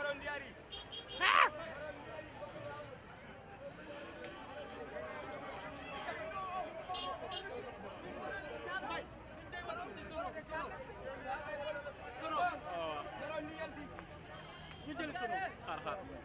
xaar ah. xaar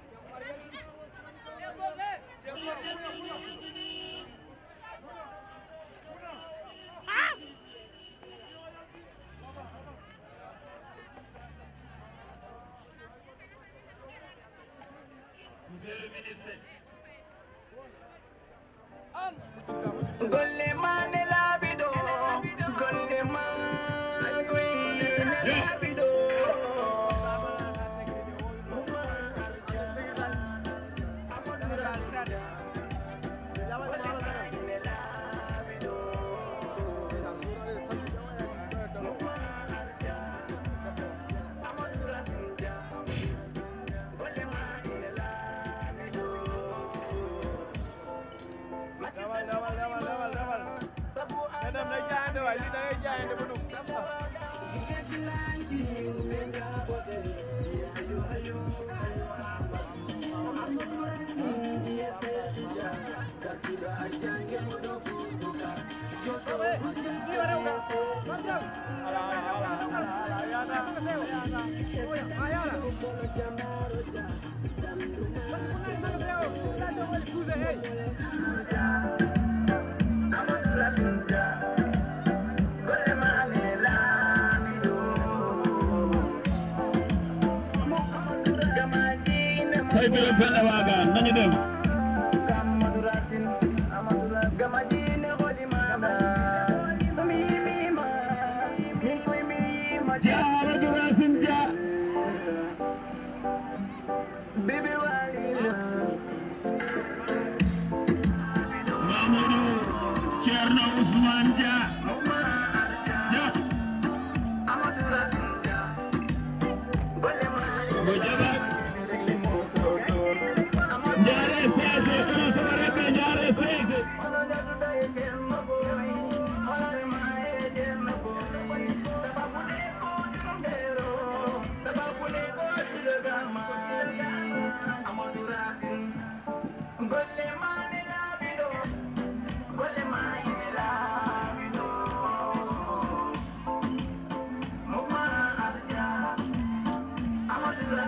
Monsieur le ministre. Hey! Ousmane Dia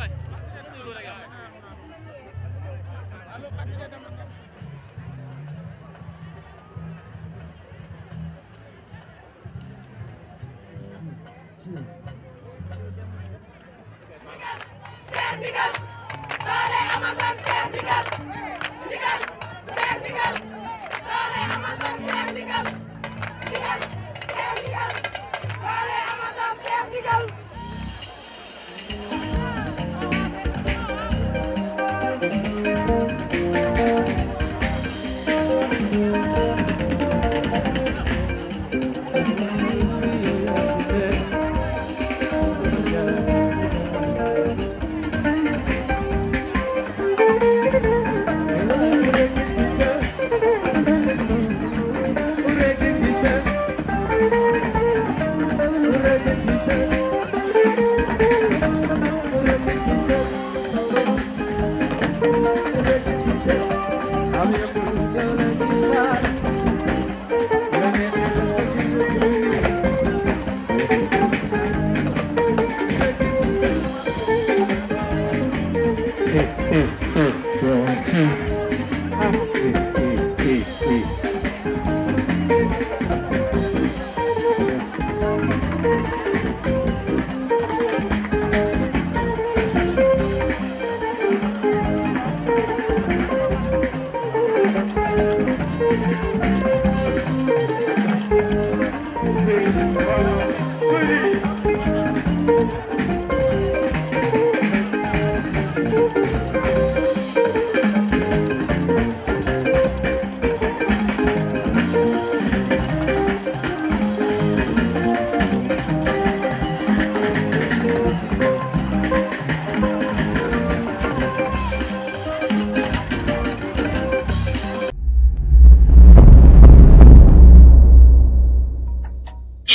Senegal, Senegal, Bale Amazon Senegal.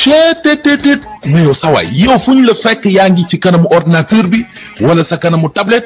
cheetetetet mais yow sa waay yow fu ñu la fekk yaa ngi ci kanamu ordinateur bi wala sa kanamu tablet